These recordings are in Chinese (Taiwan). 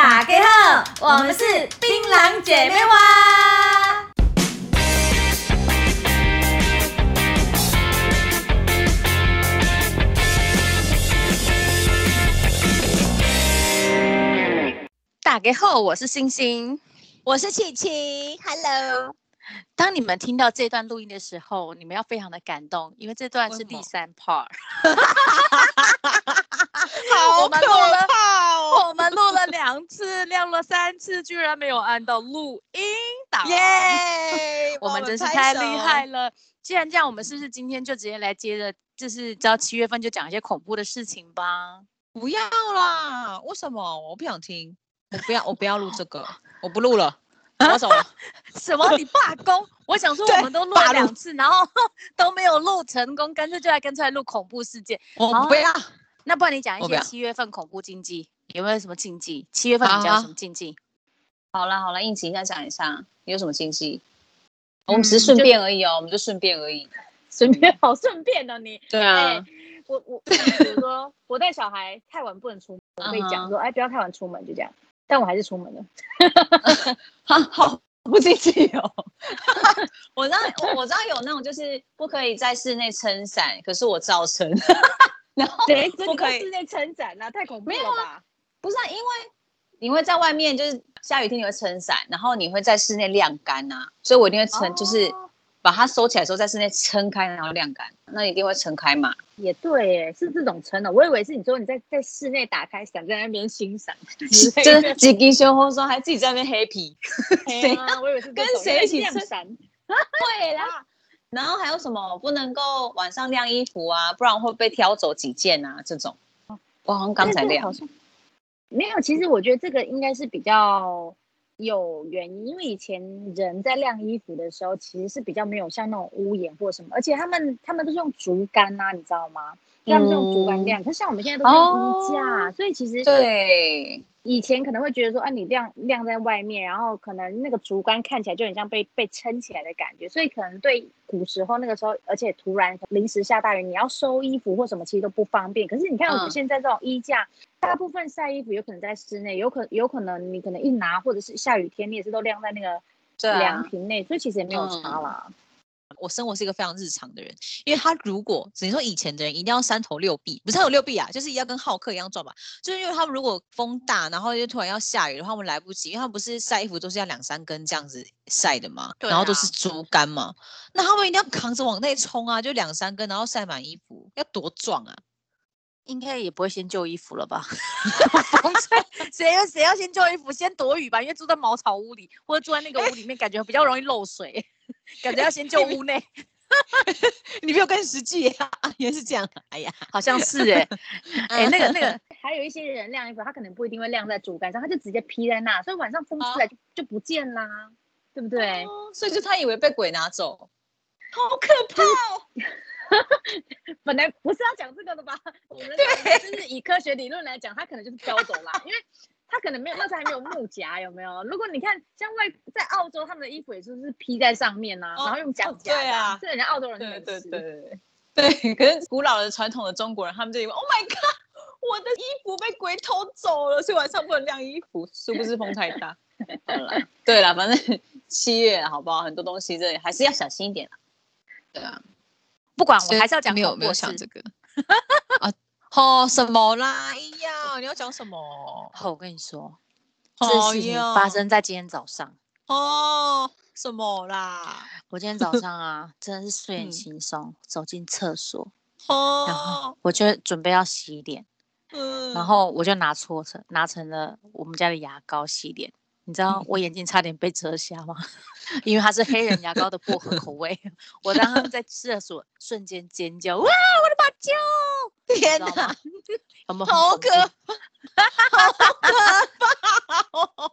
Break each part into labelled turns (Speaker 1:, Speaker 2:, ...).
Speaker 1: 打給後，我們是檳榔姐妹花。大家好，我是星星，我是琪琪。Hello，當你們聽到這段錄音的時候，你們要非常的感動，因為這段是第三 part。 好可怕。 我們錄了兩次，錄了三次，居然沒有按到錄音檔耶！Yeah! 我們真是太厲害了。既然這樣，我們是不是今天就直接來接着，就是知道七月份就講一些恐怖的事情吧？不要啦，為什麼？我不想聽，我不要，我不要錄這個， 我不錄錄了，我要走。什麼？你罷工？ 我想說，我們都錄了兩次，然後都沒有錄成功，乾脆就來跟出來錄恐怖事件。我不要。不要，那不然你講一些七月份恐怖禁忌。有沒有什麼禁忌？七月份你講什麼禁忌？啊啊好了好了，應景一下講一下，你有什麼禁忌？
Speaker 2: 嗯、我們只是順便而
Speaker 1: 已哦，我們就順便而已。順便好，順便哦。你？對啊，欸、我我 我說我帶小孩太晚不能出門，我會講說哎、uh -huh 啊、不要太晚出門就這樣，但我還是出門了。 好好不禁忌哦， 我知道我知道有那種就是不可以在室內撐傘，可是我照撐， 然後不可以在室內撐傘那太恐怖了吧？不是、啊，因為你會在外面，就是下雨天你會撐傘，然後你會在室內晾乾啊，所以我一定會撐、哦，就是把它收起來的時候在室內撐開，然後晾乾，那你一定會撐開嘛。也對，哎，是這種撐的、喔，我以為是你說你在在室內打開傘在那邊欣賞， 就是自己修後說還自己在那邊 happy，誰啊？我以為是跟誰一起撐傘。 對啦， 然後還有什麼不能夠晚上晾衣服啊，不然會被挑走幾件啊這種、哦。我好像剛才晾、哎。沒有，其實我覺得這個應該是比較有原因，因為以前人在晾衣服的時候，其實是比較沒有像那種屋檐或什麼，而且他們他們都是用竹竿啊，你知道嗎？嗯、他們是用竹竿晾，可是像我們現在都是衣架、哦，所以其實對。以前可能會覺得說，啊，你晾晾在外面，然後可能那個竹竿看起來就很像被被撐起來的感覺，所以可能對古時候那個時候，而且突然臨時下大雨，你要收衣服或什麼，其實都不方便。可是你看，我們現在這種衣架，嗯，大部分曬衣服有可能在室內，有可能有可能你可能一拿，或者是下雨天，你也是都晾在那個涼亭內，啊，所以其實也沒有差啦。嗯我生活是一個非常日常的人，因為他如果只能說以前的人一定要三頭六臂，不是三頭六臂啊，就是一定要跟浩克一樣壯嘛。就是因為他們如果風大，然後又突然要下雨的話，我們來不及，因為他們不是曬衣服都是要兩三根這樣子晒的嘛，啊、然後都是竹竿嘛，那他們一定要扛着往內衝啊，就兩三根，然後曬滿衣服，要多壯啊！應該也不會先救衣服了吧？風水誰要誰要先救衣服，先躲雨吧，因為住在茅草屋裡或者住在那個屋裡面，欸、感覺比較容易漏水，欸、感覺要先救屋內。你比我更實際、啊，原來是這樣。哎呀，好像是哎、欸，哎那個那個，那個、 還有一些人晾衣服，他可能不一定會晾在竹竿上，他就直接披在那，所以晚上風出來就就不見啦、啊，對不對？哦、所以就他以為被鬼拿走，好可怕、哦。 本來不是要講這個的吧，對？我們就是以科學理論來講，他可能就是飄走啦， 因為他可能沒有，那時還沒有木夾，有沒有？如果你看像外在澳洲，他們的衣服也就是披在上面吶、啊哦，然後用夾夾，夾、哦。對啊，是人家澳洲人對。對對對對，對。可是古老的傳統的中國人，他們就以為 Oh my God，我的衣服被鬼偷走了， 所以晚上不能晾衣服，是不是風太大？ 好了啦，對了，反正七月好不好？很多東西這裡還是要小心一點 對啊。不管我還是要講，沒有沒有想這個 啊！好、哦、什麼啦？哎呀，你要講什麼？哦，我跟你說，事情發生在今天早上哦。什麼啦？我今天早上啊， 真的是睡眼很輕鬆、嗯，走進廁所哦，然後我就準備要洗臉，嗯，然後我就拿出，成拿成了我們家的牙膏洗臉。你知道我眼睛差點被遮瞎嗎？ 因為它是黑人牙膏的薄荷口味，我讓他們在廁所瞬間尖叫！哇，我的把舅，天哪，好可怕，好可怕，哦，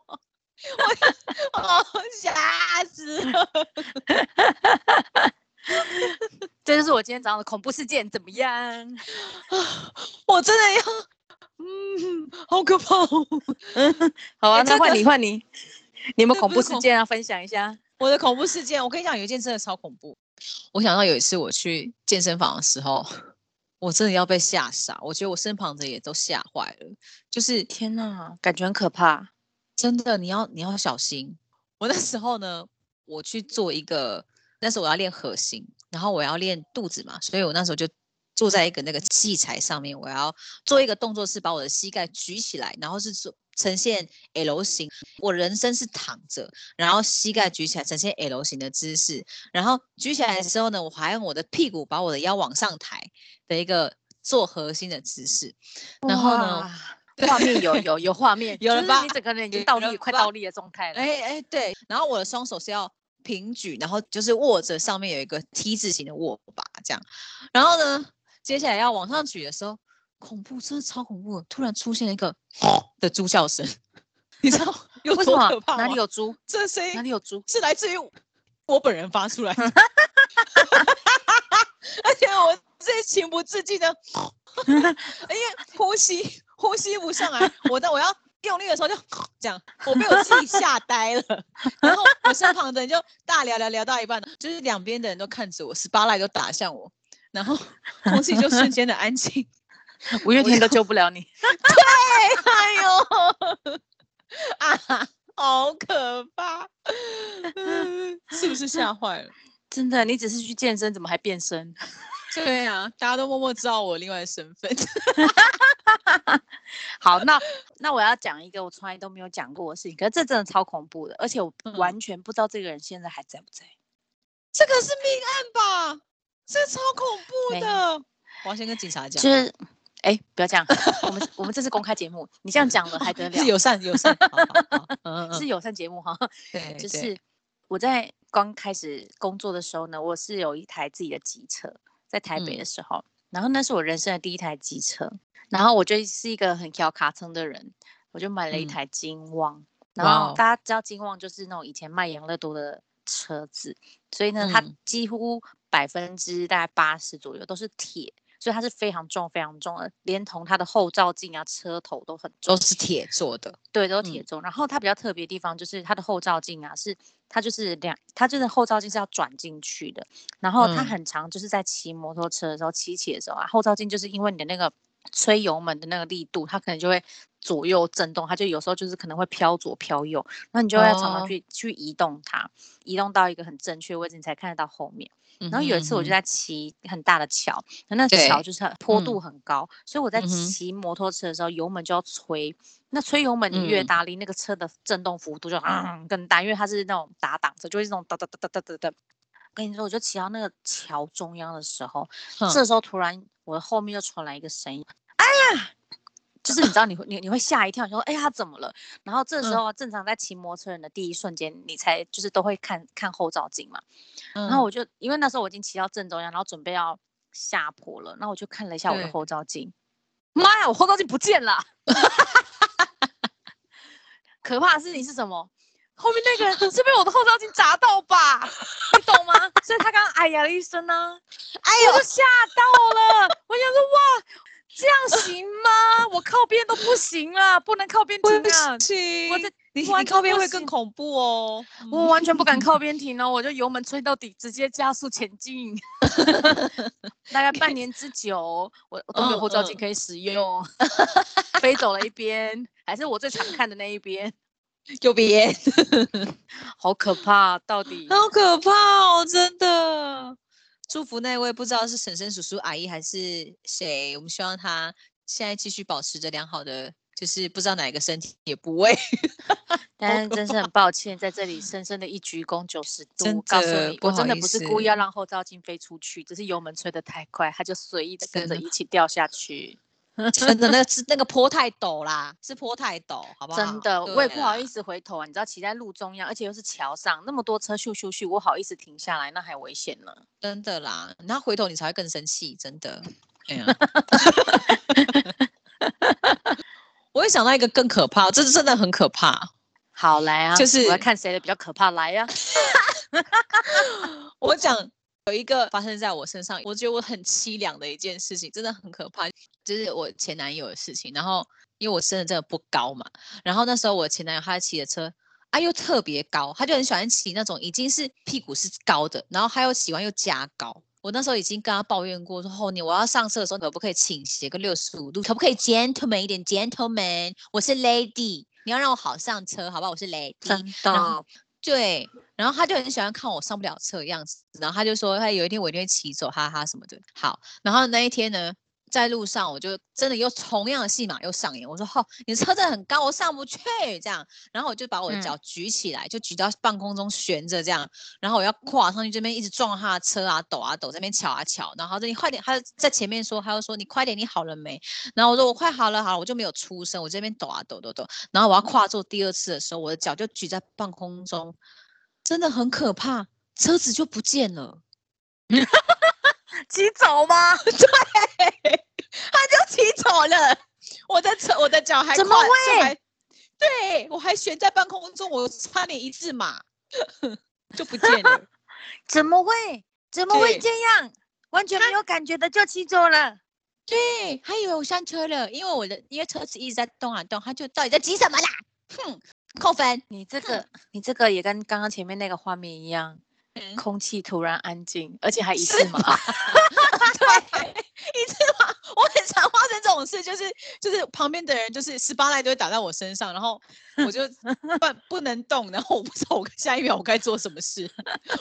Speaker 1: 我好嚇死了，哦！ 這就是我今天早上的恐怖事件，怎麼樣？ 我真的要。嗯，好可怕、哦。 嗯，好啊，欸、那換你換、這個、你，你有沒有恐怖事件啊，分享一下。我的恐怖事件，我跟你講，有一件真的超恐怖。我想到有一次我去健身房的時候，我真的要被嚇傻。我覺得我身旁的也都嚇壞了，就是天哪，感覺很可怕。真的，你要你要小心。我那時候呢，我去做一個，那時候我要練核心，然後我要練肚子嘛，所以我那時候就。坐在一個那個器材上面，我要做一個動作，是把我的膝蓋舉起來，然後是做呈現 L 型。我人身是躺着，然後膝蓋舉起來呈現 L 型的姿勢，然後舉起來的時候呢，我還用我的屁股把我的腰往上抬的一個做核心的姿勢。然後呢， 畫面有有有畫面 有了吧？就是、你整個人已經倒立快倒立的狀態了。哎哎對，然後我的雙手是要平舉，然後就是握着上面有一個 T 字形的握把這樣，然後呢？接下來要往上舉的時候，恐怖真的超恐怖！突然出現一個哦的豬叫聲，你知道有多可怕？哪裡有豬？這聲音哪裡有豬？是來自於我，我本人發出來的， 而且我自己情不自禁的，哎呀，呼吸呼吸不上來，我的我要用力的時候就這樣，我被我自己嚇呆了。 然後我身旁的人就大聊聊聊到一半，就是兩邊的人都看着我，spotlight 都打向我。然後空氣就瞬間的安靜， 五月天都救不了你。 對，哎呦 啊，好可怕， 是不是嚇壞了？ 真的，你只是去健身，怎麼還變身？ 對啊，大家都默默知道我另外的身份。 好，那那我要講一個我從來都沒有講過的事情，可是這真的超恐怖的，而且我完全不知道這個人現在還在不在。嗯。這個是命案吧？這超恐怖的！欸、我要先跟警察講，就是，哎、欸，不要這樣， 我們我們這是公開節目，你這樣講了還得了？ 哦、是友善友善，是友善節 目哈。對，就是我在剛開始工作的時候呢，我是有一台自己的機車，在台北的時候、嗯，然後那是我人生的第一台機車，然後我就是一個很挑卡層的人，我就買了一台金旺、嗯，然後大家知道金旺就是那種以前賣養樂多的。車子，所以呢，它幾乎百分之大概八十左右都是鐵、嗯，所以它是非常重、非常重的，連同它的後照鏡啊、車頭都很重，都是鐵做的。對，都是鐵做、嗯。然後它比較特別的地方就是它的後照鏡啊，是它就是兩，它就是後照鏡是要轉進去的。然後它很長，就是在騎摩托車的時候騎起的時候啊，後照鏡就是因為你的那個吹油門的那個力度，它可能就會。左右震動，它就有時候就是可能會飄左飄右，那你就要常常去、哦、去移動它，移動到一個很正確的位置，你才看得到後面。然後有一次我就在騎很大的橋，嗯哼嗯哼，那橋就是坡度很高，嗯，所以我在騎摩托車的時候，嗯、油門就要催、嗯，那催油門你越大力，嗯、離那個車的震動幅度就、啊、更大，因為它是那種打擋車，就是那種噠，噠噠噠噠噠噠噠。跟你說，我就騎到那個橋中央的時候，這時候突然我後面又傳來一個聲音，哎呀！就是你知道你 你，你會你你會嚇一跳，你說哎呀、欸、怎麼了？然後這時候、啊嗯、正常在騎摩托車人的第一瞬間，你才就是都會看看後照鏡嘛、嗯。然後我就因為那時候我已經騎到正中央，然後準備要下坡了，那我就看了一下我的後照鏡，媽呀，我後照鏡不見了！ 可怕的事情是什麼？ 後面那個人是被我的後照鏡砸到吧？ 你懂嗎？ 所以他剛剛哎呀了一聲呢、啊，哎呀我嚇到了， 我想說哇，這樣行嗎？ 靠邊都不行了，啊，不能靠邊停啊！不行，我這你你靠邊會更恐怖哦！我完全不敢靠邊停哦， 我就油門吹到底，直接加速前進。 大概半年之久，okay. 我都沒有後照鏡可以使用，uh, uh. 飛走了一邊， 還是我最常看的那一邊，右邊，好可怕！到底好可怕哦，真的！ 祝福那位不知道是嬸嬸、叔叔、阿姨還是誰，我們希望他。現在繼續保持着良好的，就是不知道哪一個身體也不會 但真是很抱歉，在這裡深深的一鞠躬九十度，真的我不，我真的不是故意要讓後照鏡飛出去，只是油門吹的太快，它就隨意的跟着一起掉下去。真的， 真的，那個是、那個坡太陡啦，是坡太陡，好不好？真的，我也不好意思回頭啊，你知道，騎在路中央，而且又是橋上，那麼多車咻咻咻，我好意思停下來，那還危險呢。真的啦，那回頭你才會更生氣，真的。哎呀，哈哈哈哈哈哈！哈哈！我會想到一個更可怕，這是真的很可怕。好來啊，就是我要看誰的比較可怕來、啊，來 呀！ 哈哈哈哈哈！我講有一個發生在我身上，我覺得我很淒涼的一件事情，真的很可怕，就是我前男友的事情。然後因為我生的真的不高嘛，然後那時候我前男友他騎的車啊又特別高，他就很喜歡騎那種已經是屁股是高的，然後他又喜歡又加高。我那時候已經跟他抱怨過說，說後年我要上車的時候，可不可以傾斜個六十五度，可不可以 gentleman 一點，gentleman，我是 lady，你要讓我好上車，好不好，我是 lady。真的，對，然後他就很喜歡看我上不了車的樣子，然後他就說他有一天我一定會騎走，哈哈什麼的。好，然後那一天呢？在路上，我就真的又同樣的戲碼又上演。我說：“哦，你車子很高，我上不去。”這樣，然後我就把我的腳舉起來、嗯，就舉到半空中懸着這樣。然後我要跨上去這邊，一直撞他的車啊，抖啊抖，在那邊瞧啊瞧，然後說：“你快點！”他在前面說：“他又說你快點，你好了沒？”然後我說：“我快好了，好了。”我就沒有出聲，我這邊抖啊抖啊抖啊抖啊。然後我要跨坐第二次的時候，我的腳就舉在半空中，真的很可怕，車子就不見了。 騎走嗎？ 對，他就騎走了。我的車，我的腳還，怎麼會？對，我還懸在半空中，我差點一字馬， 就不見了。 怎麼會？怎麼會這樣？完全沒有感覺的就騎走了。對，還以為我上車了，因為我的因為車子一直在動啊動，他就到底在急什麼啦？哼，扣分，你這個你這個也跟剛剛前面那個畫面一樣。嗯、空氣突然安靜，而且還一次嘛？ 對，一次嘛？我很常發生這種事，就是就是旁邊的人就是十八來都會打在我身上，然後我就不不能動，然後我不知道我下一秒我該做什麼事，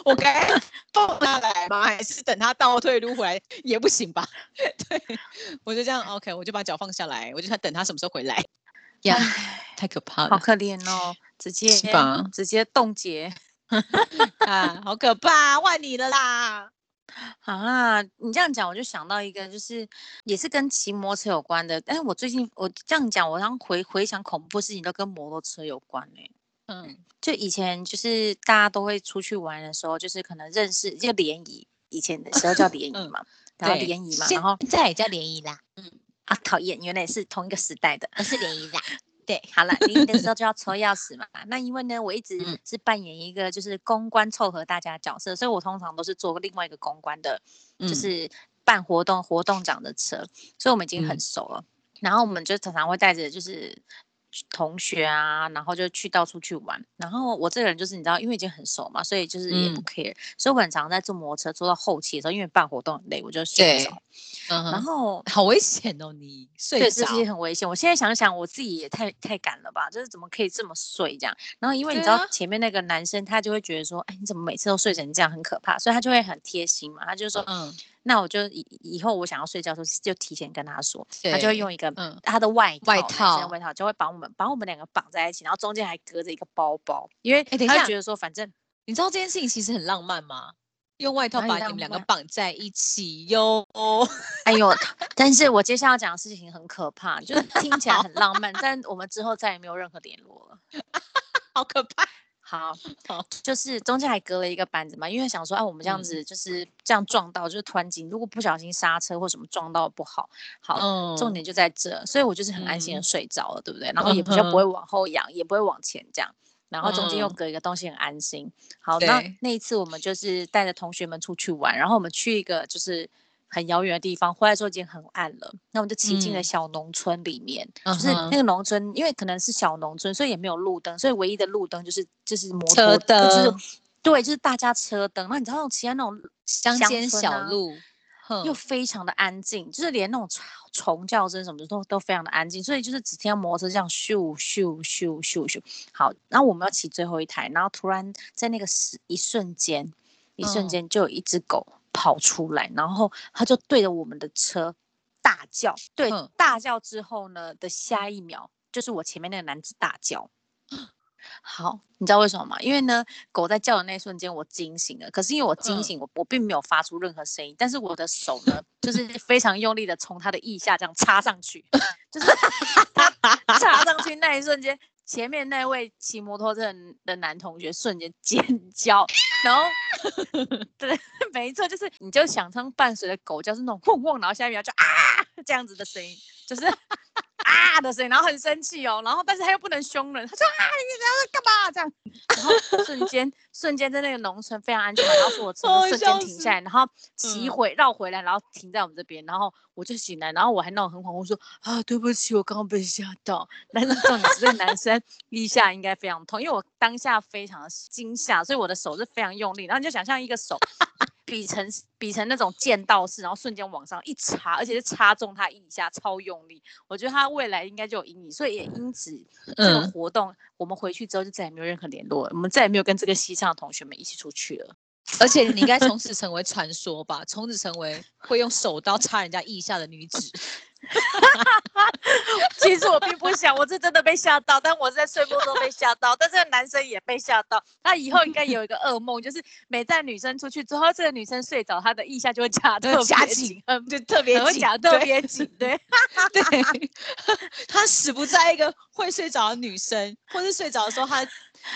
Speaker 1: 我該放下來嗎？ 還是等他倒退路回來也不行吧？對，我就這樣，OK，我就把腳放下來，我就想等他什麼時候回來。呀、yeah,，太可怕了，好可憐哦，直接、yeah. 直接凍結。哈、 啊、好可怕，啊，換你了啦！ 啊，你這樣講，我就想到一個，就是也是跟騎摩托車有關的。但是我最近我這樣講，我好像回回想恐怖事情都跟摩托車有關呢、欸。嗯，就以前就是大家都會出去玩，的時候，就是可能認識這個聯誼，以前的時候叫聯誼嘛、嗯、嘛，對，聯誼嘛，然後這也叫聯誼啦。嗯，啊，討厭，原來是同一個時代的，是聯誼的。對，好了，你的時候就要車鑰匙嘛。 那因為呢，我一直是扮演一個就是公關湊合大家的角色、嗯，所以我通常都是坐另外一個公關的，就是辦活動、嗯、活動長的車，所以我們已經很熟了。嗯、然後我們就常常會帶着就是。同學啊，然後就去到處去玩。然後我這個人就是你知道，因為已經很熟嘛，所以就是也不 care。嗯、所以我很常在坐摩托車坐到後期的時候，因為辦活動很累，我就睡着、嗯。然後好危險哦，你睡着。對，其、就是、很危險。我現在想想，我自己也太太敢了吧？就是怎麼可以這麼睡這樣？然後因為你知道前面那個男生、啊，他就會覺得說，哎，你怎麼每次都睡成這樣，很可怕。所以他就會很貼心嘛，他就說，嗯。那我就以以後我想要睡覺的時候，就提前跟他說，他就會用一個、嗯、他的外套，外套，外套就會把我們把我們兩個綁在一起，然後中間還隔着一個包包，因為他覺得說反、欸，反正你知道這件事情其實很浪漫嗎？用外套把你們兩個綁在一起喲， 哎呦！但是我接下來要講的事情很可怕， 就是聽起來很浪漫， 但我們之後再也沒有任何聯絡了， 好可怕。好，好，就是中間還隔了一個板子嘛，因為想說，啊，我們這樣子就是、嗯、這樣撞到，就是突然間，如果不小心剎車或什麼撞到不好，好、嗯，重點就在這，所以我就是很安心的睡着了、嗯，對不對？然後也不就不會往後仰、嗯，也不會往前這樣，然後中間又隔一個東西，很安心。嗯、好，那那一次我們就是帶着同學們出去玩，然後我們去一個就是。很遙遠的地方，回來時候已經很暗了。那我們就騎進了小農村裡面，嗯、就是那個農村、嗯，因為可能是小農村，所以也沒有路燈，所以唯一的路燈就是就是摩托車燈就、就是，對，就是大家車燈。那你知道，騎在那種鄉間、啊、小路，又非常的安靜，嗯、就是連那種蟲叫聲什麼的都都非常的安靜，所以就是只聽到摩托車這樣咻咻咻咻咻、咻、咻。好，然後我們要騎最後一台，然後突然在那個時一瞬間，一瞬間就有一只狗。嗯跑出來，然後他就對着我們的車大叫。對，嗯、大叫之後呢的下一秒，就是我前面那個男子大叫。好，你知道為什麼嗎？因為呢，狗在叫的那一瞬間，我驚醒了。可是因為我驚醒，嗯、我我並沒有發出任何聲音，但是我的手呢，就是非常用力的從他的腋下這樣插上去，嗯、就是 插上去那一瞬間。前面那位騎摩托車的男同學瞬間尖叫，然後 對，沒錯，就是你就想唱，伴隨的狗叫，是那種汪汪，然後下一秒就啊這樣子的聲音。就是啊的聲音，然後很生氣哦，然後但是他又不能凶人，他說啊，你你在幹嘛、啊、這樣，然後瞬間瞬間在那個農村非常安全，然後是我車瞬間停下來，然後騎回繞回來，然後停在我們這邊，然後我就醒來，然後我還鬧得很慌，我說啊對不起，我剛剛被嚇到。那生到底是,是男生腋下應該非常痛，因為我當下非常驚嚇，所以我的手是非常用力，然後你就想象一個手。比成比成那種劍道式，然後瞬間往上一插，而且是插中他腋下，超用力。我覺得他未來應該就有陰影，所以也因此這個活動、嗯，我們回去之後就再也沒有任何聯絡，我們再也沒有跟這個西藏的同學們一起出去了。而且你應該從此成為傳說吧，從 此成為會用手刀插人家腋下的女子。 哈， 其實我並不想，我是真的被嚇到，但我是在睡夢中被嚇到。但是男生也被嚇到，他 以後應該有一個噩夢，就是每帶女生出去之後，這個女生睡着，他的腋下就會夾得特別緊、嗯，就特別緊，特別緊，對。對， 他死不在一個會睡着的女生，或是睡着的時候，他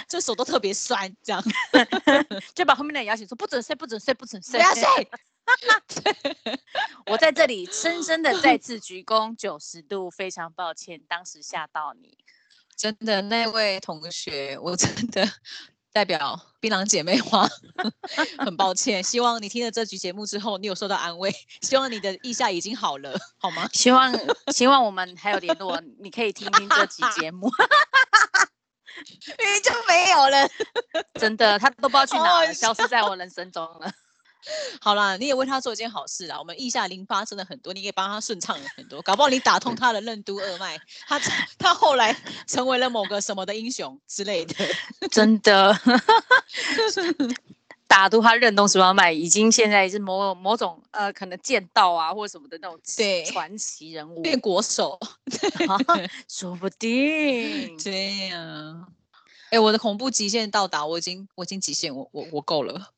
Speaker 1: 這手都特別酸，這樣 就把後面的搖醒說不准睡，不准睡，不准睡，不要睡。 我在這裡深深的再次鞠躬九十度，非常抱歉，當時嚇到你。真的那位同學，我真的代表檳榔姐妹花 很抱歉。希望你聽了這集節目之後，你有受到安慰。希望你的腋下已經好了，好嗎？ 希望希望我們還有聯絡，你可以聽聽這集節目。你 就沒有了， 真的，他都不知道去哪了，oh, 消失在我人生中了。 好啦，你也為他做一件好事啦！我們腋下淋巴真的很多，你也幫他順暢了很多。搞不好你打通他的任督二脈， 他他後來成為了某個什麼的英雄之類的。真的， 打通他任督二脈，已經現在是某某種呃，可能劍道啊或者什麼的那種傳奇人物，變國手， 啊、說不定。這樣，哎，我的恐怖極限到達，我已經我已經極限，我我我夠了。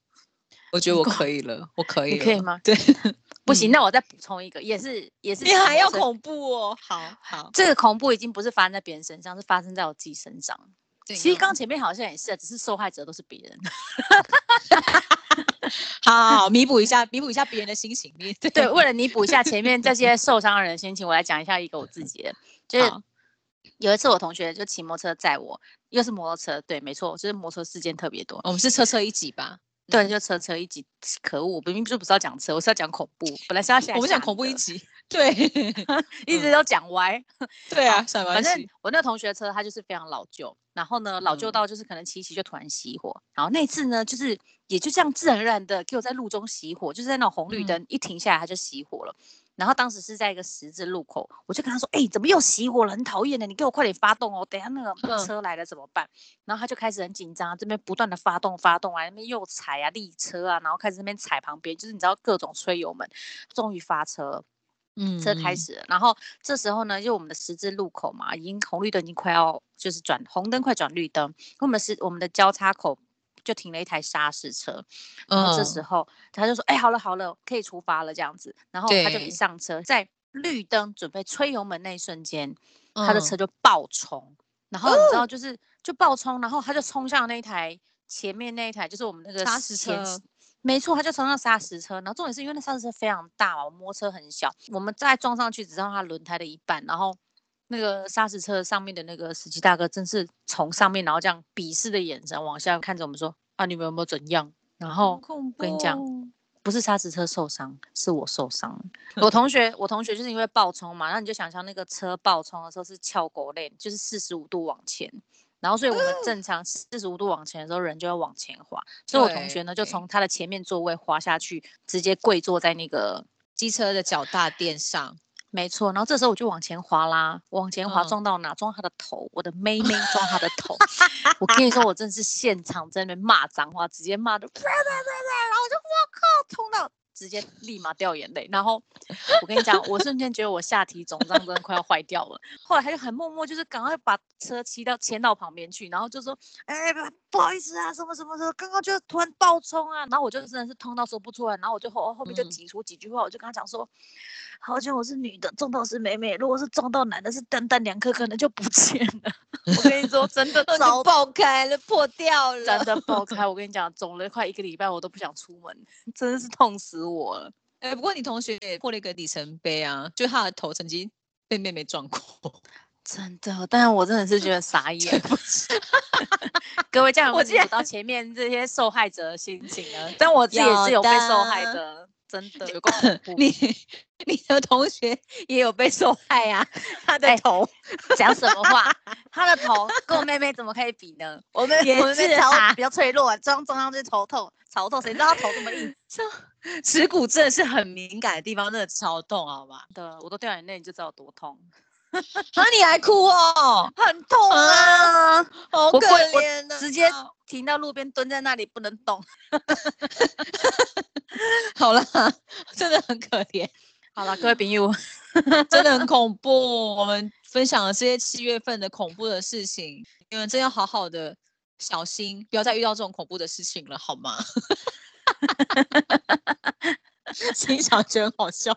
Speaker 1: 我覺得我可以了，我可以了，你可以嗎？對、嗯，不行，那我再補充一個，也是也是。你還要恐怖哦？好好，這個恐怖已經不是發生在別人身上，是發生在我自己身上。對啊、其實剛前面好像也是，只是受害者都是別人。 好，好，好，彌補一下，彌 補一下別人的心情。對對，為了彌補一下前面這些受傷的人的心情， 我來講一下一個我自己的，就是有一次我同學就騎摩托車載我，又是摩托車，對，沒錯，就是摩托車事件特別多。我們是車車一集吧？對，就車車一集，可惡，我明明就不是要講車，我是要講恐怖，本來是要我們講恐怖一集，對， 一直都講歪，嗯、對啊， 反正乖乖我那同學的車，他就是非常老舊，然後呢，老舊到就是可能騎騎就突然熄火，嗯、然後那一次呢，就是也就這樣自然而然的給我在路中熄火，就是在那種紅綠燈、嗯、一停下來他就熄火了。然後當時是在一個十字路口，我就跟他說：“哎、欸，怎麼又熄火了？很討厭的，你給我快點發動哦！等下那個車來了怎麼辦？” 然後他就開始很緊張，這邊不斷的發動、發動啊，那邊又踩啊、立車啊，然後開始這邊踩旁邊，就是你知道各種催油門，終於發車，嗯，車開始、嗯。然後這時候呢，因為我們的十字路口嘛，已經紅綠燈已經快要就是轉紅燈快轉綠燈，我們是我們的交叉口。就停了一台砂石車，嗯，這時候他就說，哎、嗯欸，好了好了，可以出發了這樣子，然後他就一上車，在綠燈準備催油門那一瞬間，
Speaker 2: 嗯、他的車就
Speaker 1: 爆衝，然後你知道就是、哦、就爆衝，然後他就衝向那一台前面那一台就是我們那個砂石車，沒錯，他就衝向砂石車，然後重點是因為那砂石車非常大嘛，我摩托車很小，我們再撞上去，只到它輪胎的一半，然後。那個砂石車上面的那個司機大哥，真是從上面然後這樣鄙視的眼神往下看着我們說：“啊，你們有沒有怎樣？”然後我跟你講，不是砂石車受傷，是我受傷。我同學， 我同學就是因為爆衝嘛，然後你就想象那個車爆衝的時候是翹孤輪，就是四十五度往前，然後所以我們正常四十五度往前的時候，人就要往前滑，所以我同學呢就從他的前面座位滑下去，直接跪坐在那個機車的腳踏墊上。沒錯，然後這時候我就往前滑啦，往前滑撞到哪？嗯、撞他的頭，我的妹妹撞他的頭。 我跟你說，我真的是現場在那邊罵髒話，直接罵的， 然後我就哇靠，衝到。直接立馬掉眼淚，然後我跟你講，我瞬間覺得我下體腫脹真的快要壞掉了。 後來他就很默默，就是趕快把車騎到牽到旁邊去，然後就說：“哎、欸，不好意思啊，什麼什麼什麼，剛剛就突然爆衝啊。”然後我就真的是痛到說不出來，然後我就後後面就擠出幾句話，嗯、我就跟他講說：“好像我是女的，撞到是妹妹。如果是撞到男的，是單單兩顆，可能就不見了。 ”我跟你說，真的都 爆開了，破掉了，真的爆開。我跟你講，腫了快一個禮拜，我都不想出門，真的是痛死我。我哎、欸，不過你同學也破了一個里程碑啊，就他的頭曾經被妹妹撞過，真的，但我真的是覺得傻眼， 不起 各位這樣，我只想到前面這些受害者的心情啊， 但我自己也是有被受害者。真的有，你、啊、你，你的同學也有被受害呀、啊？他的頭講、欸、 什麼話？他的頭跟我妹妹怎麼可以比呢？我們、啊、我們超比較脆弱、啊，上中中央就頭痛，頭痛，誰知道他頭這麼硬？恥骨真的是很敏感的地方，真的超痛，好吧，對，我都掉眼淚，你就知道有多痛。啊！ 你還哭哦，很痛啊，啊好可憐、啊。直接停到路邊，蹲在那裡不能動。 好了，真的很可憐。好了，各位檳友， 真的很恐怖。 我們分享了這些七月份的恐怖的事情，你們真要好好的小心，不要再遇到這種恐怖的事情了，好嗎？ 心想真好笑。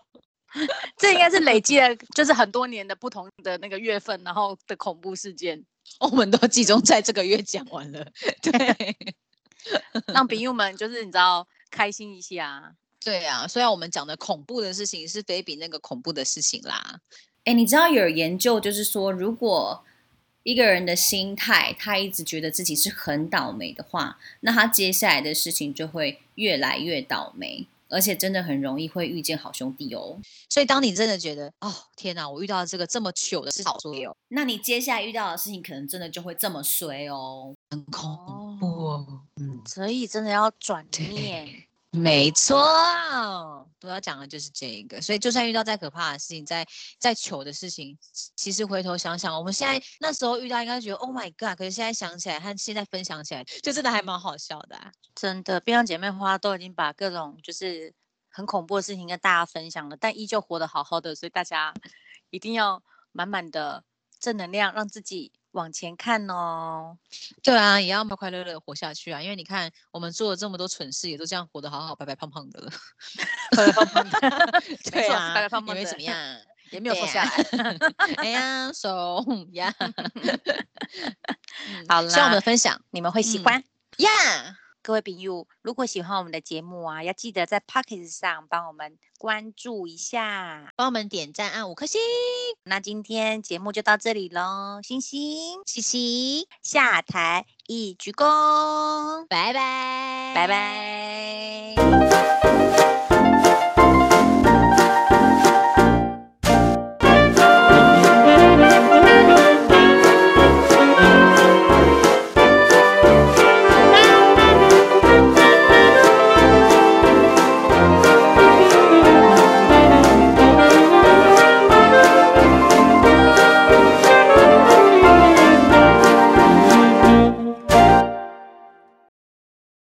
Speaker 1: 這應該是累積了，就是很多年的不同的那個月份，然後的恐怖事件，我們都集中在這個月講完了， 對。 讓朋友們就是你知道開心一下、啊。對呀、啊，雖然我們講的恐怖的事情是非比那個恐怖的事情啦。哎，你知道有研究就是說，如果一個人的心態他一直覺得自己是很倒霉的話，那他接下來的事情就會越來越倒霉。而且真的很容易會遇見好兄弟哦，所以當你真的覺得哦，天哪，我遇到這個這麼糗的事情，哦，那你接下來遇到的事情可能真的就會這麼衰哦，很恐怖哦，嗯，所以真的要轉念。沒錯、啊，我要講的就是這一個，所以就算遇到再可怕的事情，再再糗的事情，其實回頭想想，我們現在那時候遇到，應該覺得 Oh my god，可是現在想起來，和現在分享起來，就真的還蠻好笑的、啊。真的，檳榔姐妹花都已經把各種就是很恐怖的事情跟大家分享了，但依舊活得好好的，所以大家一定要滿滿的正能量，讓自己。往前看哦，對啊，也要快快樂樂的活下去啊！因為你看，我們做了這麼多蠢事，也都這樣活得好好、白白胖胖的了。對啊，白白胖胖的 對、啊，因為怎麼樣，啊、也沒有瘦下來。 哎呀 so,yeah 好了，希望我們的分享、嗯、你們會喜歡呀。嗯 yeah! 各位朋友，如果喜歡我們的節目啊，要記得在 Podcast 上幫我們關注一下，幫我們點讚按五顆星。那今天節目就到這裡嘍，星星，嘻嘻，下台一鞠躬，拜拜，拜拜。拜拜。